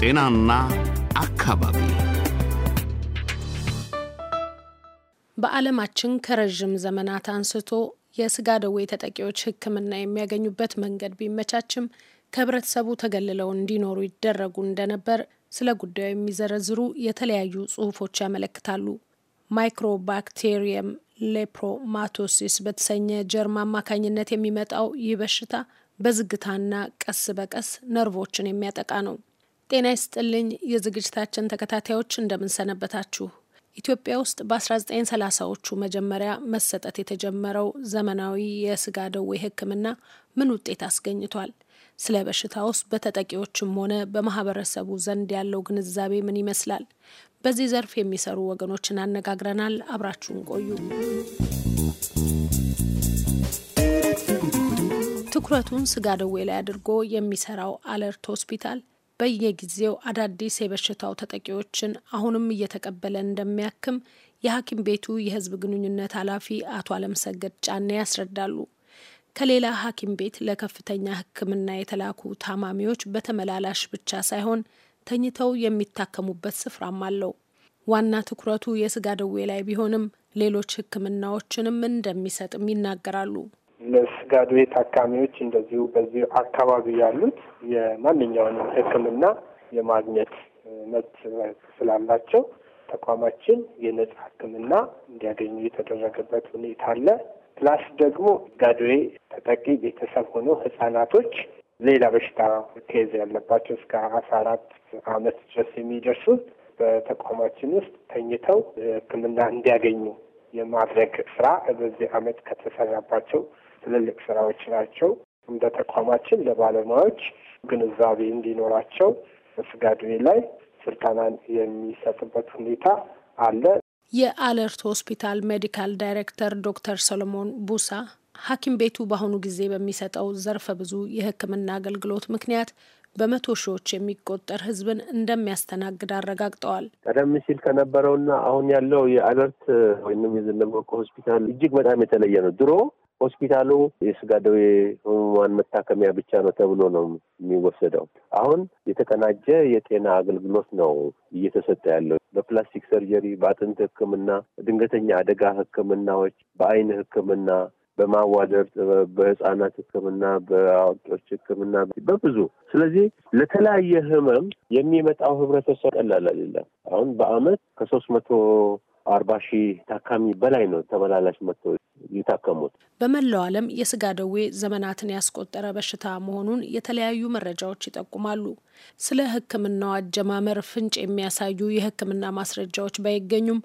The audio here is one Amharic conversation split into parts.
ጤናና አካባቢ በዓለማችን ከረዥም ዘመናት አንስቶ የስጋ ደዌ ተጠቂዎች ሕክምና የሚያገኙበት መንገድ ቢመቻችም ከህብረተሰቡ ተገልለው እንዲኖሩ ይደረጉ እንደነበር ስለ ጉዳዩ የሚዘረዝሩ የተለያዩ ጽሁፎች ያመለክታሉ። ማይክሮባክቴሪየም ሌፕሮማቶሲስ በተሰኘ ጀርም አማካኝነት የሚመጣው ይህ በሽታ በዝግታና ቀስ በቀስ ነርቮችን የሚያጠቃ ነው። ጤና ይስጥልኝ የዝግጅታችን ተከታታዮች እንደምንሰነበታችሁ። ኢትዮጵያ ውስጥ በ1930ዎቹ መጀመሪያ መሰጠት የተጀመረው ዘመናዊ የስጋ ደዌ ሕክምና ምን ውጤት አስገኝቷል? ስለ በሽታ ውስጥ በተጠቂዎችም ሆነ በማህበረሰቡ ዘንድ ያለው ግንዛቤ ምን ይመስላል? በዚህ ዘርፍ የሚሰሩ ወገኖችን አነጋግረናል። አብራችሁን ቆዩ። ትኩረቱን ስጋ ደዌ ላይ አድርጎ የሚሰራው አለርት ሆስፒታል በየጊዜው አዳዲስ የበሽታው ተጠቂዎችን አሁንም እየተቀበለ እንደሚያክም የሐኪም ቤቱ የህዝብ ግንኙነት ኃላፊ አቶ አለምሰገድ ጫኔ ያስረዳሉ። ከሌላ ሐኪም ቤት ለከፍተኛ ሕክምና የተላኩ ታማሚዎች በተመላላሽ ብቻ ሳይሆን ተኝተው የሚታከሙበት ስፍራም አለው። ዋና ትኩረቱ የስጋ ደዌ ላይ ቢሆንም ሌሎች ሕክምናዎችንም እንደሚሰጥም ይናገራሉ። ለስጋድዌ ታካሚዎች እንደዚሁ በዚሁ አካባቢ ያሉት የማንኛውንም ሕክምና የማግኘት መብት ስላላቸው ተቋማችን የነጻ ሕክምና እንዲያገኙ የተደረገበት ሁኔታ አለ። ፕላስ ደግሞ ጋድዌ ተጠቂ ቤተሰብ ሆኖ ህጻናቶች ሌላ በሽታ ኬዝ ያለባቸው እስከ አስራ አራት አመት ድረስ የሚደርሱት በተቋማችን ውስጥ ተኝተው ህክምና እንዲያገኙ የማድረግ ስራ በዚህ አመት ከተሰራባቸው ትልልቅ ስራዎች ናቸው። እንደ ተቋማችን ለባለሙያዎች ግንዛቤ እንዲኖራቸው በስጋድዌ ላይ ስልጠናን የሚሰጥበት ሁኔታ አለ። የአለርት ሆስፒታል ሜዲካል ዳይሬክተር ዶክተር ሰሎሞን ቡሳ ሐኪም ቤቱ በአሁኑ ጊዜ በሚሰጠው ዘርፈ ብዙ የሕክምና አገልግሎት ምክንያት በመቶ ሺዎች የሚቆጠር ሕዝብን እንደሚያስተናግድ አረጋግጠዋል። ቀደም ሲል ከነበረውና አሁን ያለው የአለርት ወይም የዘነበወርቅ ሆስፒታል እጅግ በጣም የተለየ ነው። ድሮ ሆስፒታሉ የስጋ ደዌ ህሙማን መታከሚያ ብቻ ነው ተብሎ ነው የሚወሰደው። አሁን የተቀናጀ የጤና አገልግሎት ነው እየተሰጠ ያለው በፕላስቲክ ሰርጀሪ፣ በአጥንት ህክምና ድንገተኛ አደጋ ህክምናዎች፣ በአይን ህክምና በማዋደር ጥበብ፣ በህፃናት ህክምና በአዋቂዎች ህክምና በብዙ ስለዚህ ለተለያየ ህመም የሚመጣው ህብረተሰብ ቀላል አይደለም። አሁን በአመት ከሶስት መቶ አርባ ሺህ ታካሚ በላይ ነው ተመላላሽ መጥቶ የታከሙት። በመላው ዓለም የስጋ ደዌ ዘመናትን ያስቆጠረ በሽታ መሆኑን የተለያዩ መረጃዎች ይጠቁማሉ። ስለ ሕክምናው አጀማመር ፍንጭ የሚያሳዩ የሕክምና ማስረጃዎች ባይገኙም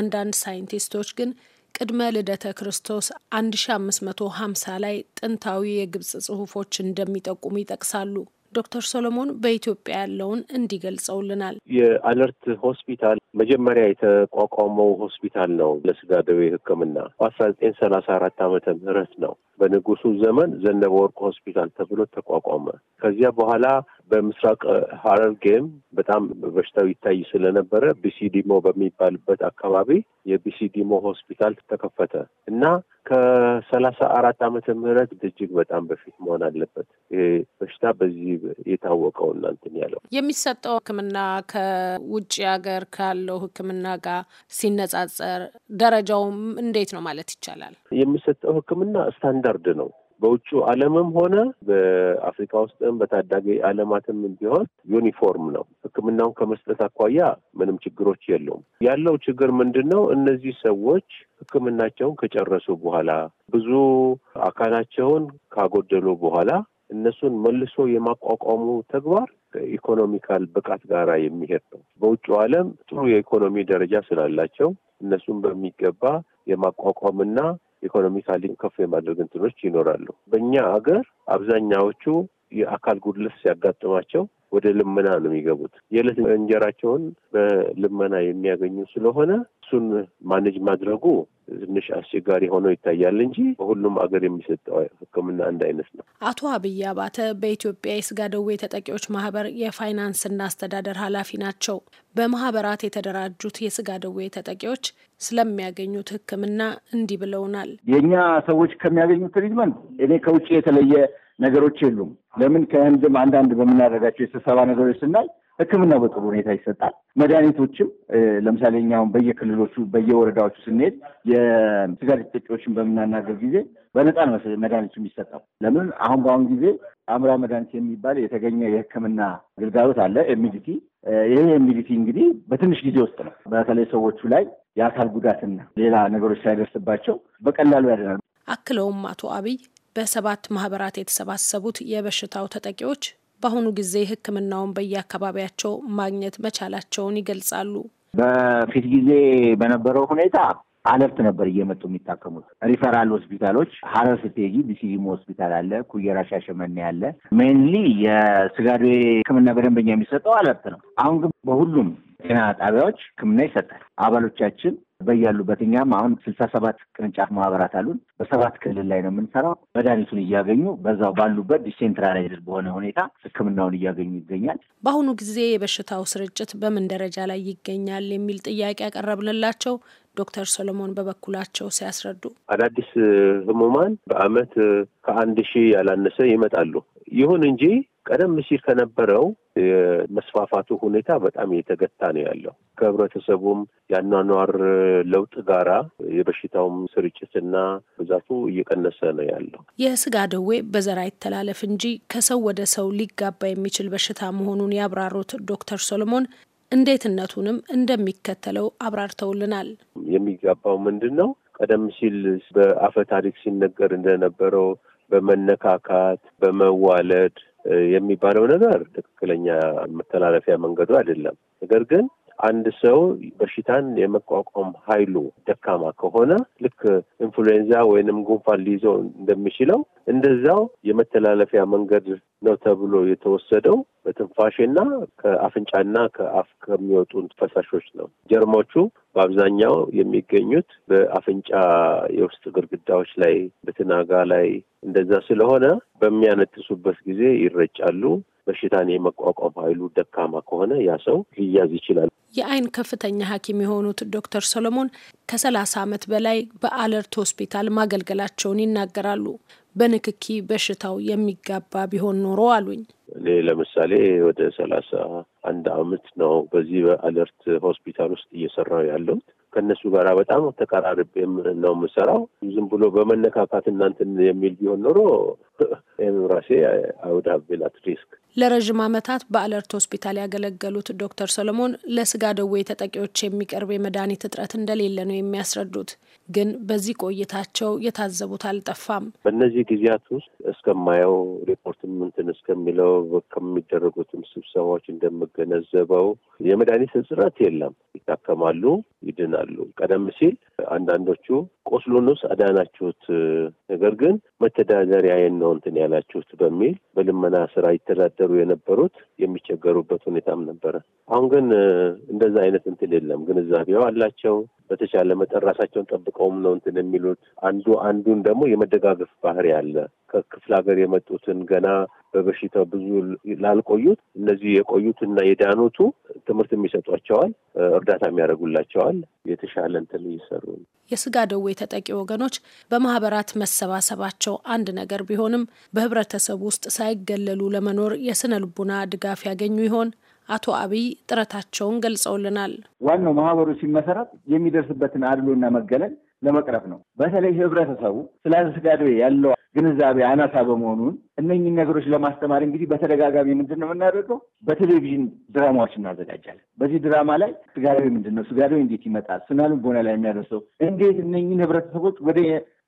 አንዳንድ ሳይንቲስቶች ግን ቅድመ ልደተ ክርስቶስ 1550 ላይ ጥንታዊ የግብጽ ጽሑፎች እንደሚጠቁሙ ይጠቅሳሉ። ዶክተር ሶሎሞን በኢትዮጵያ ያለውን እንዲገልጸውልናል። የአለርት ሆስፒታል መጀመሪያ የተቋቋመው ሆስፒታል ነው ለስጋ ደዌ ሕክምና በአስራ ዘጠኝ ሰላሳ አራት ዓመተ ምህረት ነው። በንጉሱ ዘመን ዘነበ ወርቅ ሆስፒታል ተብሎ ተቋቋመ። ከዚያ በኋላ በምስራቅ ሀረርጌም በጣም በሽታው ይታይ ስለነበረ ቢሲዲሞ በሚባልበት አካባቢ የቢሲዲሞ ሆስፒታል ተከፈተ እና ከሰላሳ አራት ዓመተ ምህረት እጅግ በጣም በፊት መሆን አለበት ይሄ በሽታ በዚህ የታወቀው እናንትን ያለው የሚሰጠው ሕክምና ከውጭ ሀገር ካለው ሕክምና ጋር ሲነጻጸር ደረጃውም እንዴት ነው ማለት ይቻላል? የሚሰጠው ሕክምና ስታንዳርድ ነው። በውጩ ዓለምም ሆነ በአፍሪካ ውስጥም በታዳጊ ዓለማትም ቢሆን ዩኒፎርም ነው። ሕክምናውን ከመስጠት አኳያ ምንም ችግሮች የለውም። ያለው ችግር ምንድን ነው? እነዚህ ሰዎች ሕክምናቸውን ከጨረሱ በኋላ ብዙ አካላቸውን ካጎደሉ በኋላ እነሱን መልሶ የማቋቋሙ ተግባር ከኢኮኖሚካል ብቃት ጋር የሚሄድ ነው። በውጭ ዓለም ጥሩ የኢኮኖሚ ደረጃ ስላላቸው እነሱን በሚገባ የማቋቋምና ኢኮኖሚካሊም ከፍ የማድረግ እንትኖች ይኖራሉ። በእኛ ሀገር አብዛኛዎቹ የአካል ጉድለት ሲያጋጥማቸው ወደ ልመና ነው የሚገቡት። የዕለት እንጀራቸውን በልመና የሚያገኙ ስለሆነ እሱን ማኔጅ ማድረጉ ትንሽ አስቸጋሪ ሆኖ ይታያል እንጂ በሁሉም አገር የሚሰጠው ሕክምና አንድ አይነት ነው። አቶ አብይ አባተ በኢትዮጵያ የስጋ ደዌ ተጠቂዎች ማህበር የፋይናንስና አስተዳደር ኃላፊ ናቸው። በማህበራት የተደራጁት የስጋ ደዌ ተጠቂዎች ስለሚያገኙት ሕክምና እንዲህ ብለውናል። የእኛ ሰዎች ከሚያገኙት ትሪትመንት እኔ ከውጭ የተለየ ነገሮች የሉም። ለምን ከህንድም አንዳንድ በምናደርጋቸው የስብሰባ ነገሮች ስናይ ሕክምና በጥሩ ሁኔታ ይሰጣል። መድኃኒቶችም ለምሳሌ እኛ በየክልሎቹ በየወረዳዎቹ ስንሄድ የሲጋሬት ጠጪዎችን በምናናገር ጊዜ በነፃ ነው መድኃኒቱ የሚሰጠው። ለምን አሁን በአሁኑ ጊዜ አምራ መድኃኒት የሚባል የተገኘ የሕክምና ግልጋሎት አለ ኤሚዲቲ ይህ ኤሚዲቲ እንግዲህ በትንሽ ጊዜ ውስጥ ነው በተለይ ሰዎቹ ላይ የአካል ጉዳትና ሌላ ነገሮች ሳይደርስባቸው በቀላሉ ያደናል። አክለውም አቶ አብይ በሰባት ማህበራት የተሰባሰቡት የበሽታው ተጠቂዎች በአሁኑ ጊዜ ሕክምናውን በየአካባቢያቸው ማግኘት መቻላቸውን ይገልጻሉ። በፊት ጊዜ በነበረው ሁኔታ አለርት ነበር እየመጡ የሚታከሙት ሪፈራል ሆስፒታሎች ሀረር ስቴጂ ቢሲጂሞ ሆስፒታል አለ፣ ኩየራ ሻሸመኔ አለ። ሜንሊ የስጋዴ ህክምና በደንበኛ የሚሰጠው አለርት ነው። አሁን ግን በሁሉም ጤና ጣቢያዎች ህክምና ይሰጣል። አባሎቻችን በያሉበት እኛም አሁን ስልሳ ሰባት ቅርንጫፍ ማህበራት አሉን። በሰባት ክልል ላይ ነው የምንሰራው። መድኃኒቱን እያገኙ በዛው ባሉበት ዲሴንትራላይዝድ በሆነ ሁኔታ ሕክምናውን እያገኙ ይገኛል። በአሁኑ ጊዜ የበሽታው ስርጭት በምን ደረጃ ላይ ይገኛል የሚል ጥያቄ ያቀረብንላቸው ዶክተር ሰሎሞን በበኩላቸው ሲያስረዱ አዳዲስ ህሙማን በአመት ከአንድ ሺህ ያላነሰ ይመጣሉ። ይሁን እንጂ ቀደም ሲል ከነበረው የመስፋፋቱ ሁኔታ በጣም እየተገታ ነው ያለው። ከህብረተሰቡም የአኗኗር ለውጥ ጋራ የበሽታውም ስርጭትና ብዛቱ እየቀነሰ ነው ያለው። የስጋ ደዌ በዘር አይተላለፍ እንጂ ከሰው ወደ ሰው ሊጋባ የሚችል በሽታ መሆኑን ያብራሩት ዶክተር ሶሎሞን እንዴትነቱንም እንደሚከተለው አብራርተውልናል። የሚጋባው ምንድን ነው? ቀደም ሲል በአፈ ታሪክ ሲነገር እንደነበረው በመነካካት፣ በመዋለድ የሚባለው ነገር ትክክለኛ መተላለፊያ መንገዱ አይደለም። ነገር ግን አንድ ሰው በሽታን የመቋቋም ኃይሉ ደካማ ከሆነ ልክ ኢንፍሉዌንዛ ወይንም ጉንፋን ሊይዘው እንደሚችለው እንደዛው የመተላለፊያ መንገድ ነው ተብሎ የተወሰደው በትንፋሽና ከአፍንጫና ከአፍ ከሚወጡ ፈሳሾች ነው። ጀርሞቹ በአብዛኛው የሚገኙት በአፍንጫ የውስጥ ግድግዳዎች ላይ፣ በትናጋ ላይ እንደዛ ስለሆነ በሚያነጥሱበት ጊዜ ይረጫሉ። በሽታን የመቋቋም ኃይሉ ደካማ ከሆነ ያ ሰው ሊያዝ ይችላል። የአይን ከፍተኛ ሐኪም የሆኑት ዶክተር ሰሎሞን ከሰላሳ ዓመት በላይ በአለርት ሆስፒታል ማገልገላቸውን ይናገራሉ። በንክኪ በሽታው የሚጋባ ቢሆን ኖሮ አሉኝ። እኔ ለምሳሌ ወደ ሰላሳ አንድ አመት ነው በዚህ በአለርት ሆስፒታል ውስጥ እየሰራው ያለሁት። ከእነሱ ጋር በጣም ተቀራርቤም ነው የምሰራው። ዝም ብሎ በመነካካት እናንትን የሚል ቢሆን ኖሮ ራሴ አውድ ሪስክ። ለረዥም ዓመታት በአለርት ሆስፒታል ያገለገሉት ዶክተር ሰለሞን ለስጋ ደዌ ተጠቂዎች የሚቀርብ የመድኃኒት እጥረት እንደሌለ ነው የሚያስረዱት። ግን በዚህ ቆይታቸው የታዘቡት አልጠፋም። በእነዚህ ጊዜያት ውስጥ እስከማየው ሪፖርት ምንትን እስከሚለው ከሚደረጉትም ስብሰባዎች እንደምገነዘበው የመድኃኒት እጥረት የለም። ይታከማሉ፣ ይድናሉ። ቀደም ሲል አንዳንዶቹ ቆስሎንስ አዳናችሁት፣ ነገር ግን መተዳደሪያ ነው እንትን ያላችሁት በሚል በልመና ስራ ይተዳደሩ የነበሩት የሚቸገሩበት ሁኔታም ነበረ። አሁን ግን እንደዛ አይነት እንትን የለም። ግንዛቤው አላቸው። በተቻለ መጠን ራሳቸውን ጠብቀውም ነው እንትን የሚሉት። አንዱ አንዱን ደግሞ የመደጋገፍ ባህሪ አለ። ከክፍለ ሀገር የመጡትን ገና በበሽታው ብዙ ላልቆዩት እነዚህ የቆዩትና እና የዳኑቱ ትምህርት የሚሰጧቸዋል፣ እርዳታ የሚያደርጉላቸዋል። የተሻለ እንትን እየሰሩ የስጋ ደዌ ተጠቂ ወገኖች በማህበራት መሰባሰባቸው አንድ ነገር ቢሆንም በህብረተሰብ ውስጥ ሳይገለሉ ለመኖር የስነ ልቡና ድጋፍ ያገኙ ይሆን? አቶ አብይ ጥረታቸውን ገልጸውልናል። ዋናው ማህበሩ ሲመሰረት የሚደርስበትን አድሎና መገለል ለመቅረፍ ነው። በተለይ ህብረተሰቡ ስለ አረስጋዶ ያለው ግንዛቤ አናሳ በመሆኑን እነኝህ ነገሮች ለማስተማር እንግዲህ በተደጋጋሚ ምንድን ነው የምናደርገው? በቴሌቪዥን ድራማዎች እናዘጋጃለን። በዚህ ድራማ ላይ ስጋዴ ምንድን ነው? ስጋዴ እንዴት ይመጣል? ስነ ልቦና ላይ የሚያደርሰው እንዴት? እነኝህን ህብረተሰቦች ወደ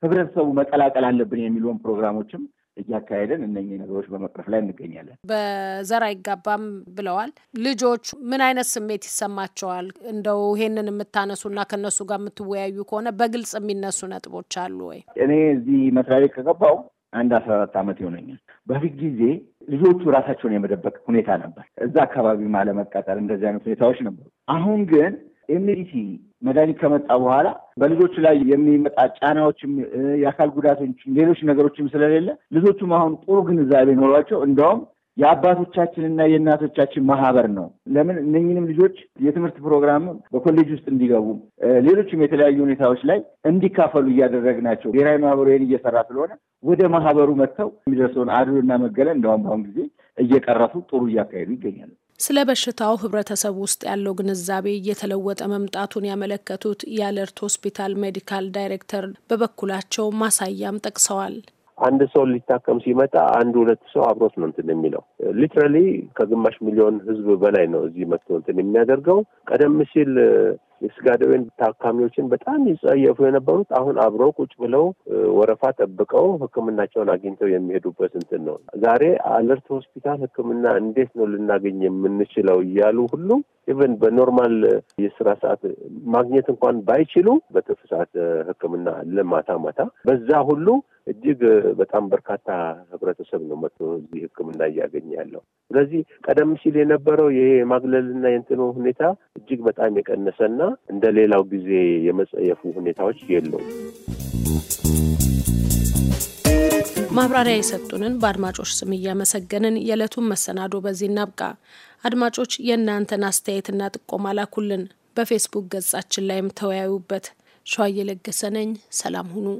ህብረተሰቡ መቀላቀል አለብን የሚለውን ፕሮግራሞችም እያካሄደን እነኚህ ነገሮች በመቅረፍ ላይ እንገኛለን። በዘር አይጋባም ብለዋል። ልጆች ምን አይነት ስሜት ይሰማቸዋል? እንደው ይሄንን የምታነሱና ከነሱ ጋር የምትወያዩ ከሆነ በግልጽ የሚነሱ ነጥቦች አሉ ወይ? እኔ እዚህ መስሪያ ቤት ከገባው አንድ አስራ አራት ዓመት ይሆነኛል። በፊት ጊዜ ልጆቹ ራሳቸውን የመደበቅ ሁኔታ ነበር። እዛ አካባቢ ማለመቃጠል እንደዚህ አይነት ሁኔታዎች ነበሩ። አሁን ግን ኢሚኒቲ መድኃኒት ከመጣ በኋላ በልጆች ላይ የሚመጣ ጫናዎችም የአካል ጉዳቶችም ሌሎች ነገሮችም ስለሌለ ልጆቹም አሁን ጥሩ ግንዛቤ ኖሯቸው እንደውም የአባቶቻችንና የእናቶቻችን ማህበር ነው። ለምን እነኝንም ልጆች የትምህርት ፕሮግራም በኮሌጅ ውስጥ እንዲገቡ ሌሎችም የተለያዩ ሁኔታዎች ላይ እንዲካፈሉ እያደረግናቸው ብሔራዊ ማህበሩ ይህን እየሰራ ስለሆነ ወደ ማህበሩ መጥተው የሚደርሰውን አድሎና መገለ እንደውም በአሁን ጊዜ እየቀረፉ ጥሩ እያካሄዱ ይገኛሉ። ስለ በሽታው ህብረተሰብ ውስጥ ያለው ግንዛቤ እየተለወጠ መምጣቱን ያመለከቱት የአለርት ሆስፒታል ሜዲካል ዳይሬክተር በበኩላቸው ማሳያም ጠቅሰዋል። አንድ ሰው ሊታከም ሲመጣ አንድ ሁለት ሰው አብሮት ነው እንትን የሚለው ሊትራሊ ከግማሽ ሚሊዮን ህዝብ በላይ ነው እዚህ መጥቶ እንትን የሚያደርገው ቀደም ሲል የስጋ ደዌን ታካሚዎችን በጣም ይጸየፉ የነበሩት አሁን አብረው ቁጭ ብለው ወረፋ ጠብቀው ሕክምናቸውን አግኝተው የሚሄዱበት እንትን ነው። ዛሬ አለርት ሆስፒታል ሕክምና እንዴት ነው ልናገኝ የምንችለው እያሉ ሁሉ ኢቨን በኖርማል የስራ ሰዓት ማግኘት እንኳን ባይችሉ በትርፍ ሰዓት ሕክምና ለማታ ማታ በዛ ሁሉ እጅግ በጣም በርካታ ህብረተሰብ ነው መጥቶ እዚህ ህክምና እያገኘ ያለው። ስለዚህ ቀደም ሲል የነበረው ይሄ የማግለልና የንትኑ ሁኔታ እጅግ በጣም የቀነሰና እንደ ሌላው ጊዜ የመጸየፉ ሁኔታዎች የለውም። ማብራሪያ የሰጡንን በአድማጮች ስም እያመሰገንን የዕለቱን መሰናዶ በዚህ እናብቃ። አድማጮች የእናንተን አስተያየትና ጥቆማ ላኩልን። በፌስቡክ ገጻችን ላይም ተወያዩበት። ሸዋ ነኝ። ሰላም ሁኑ።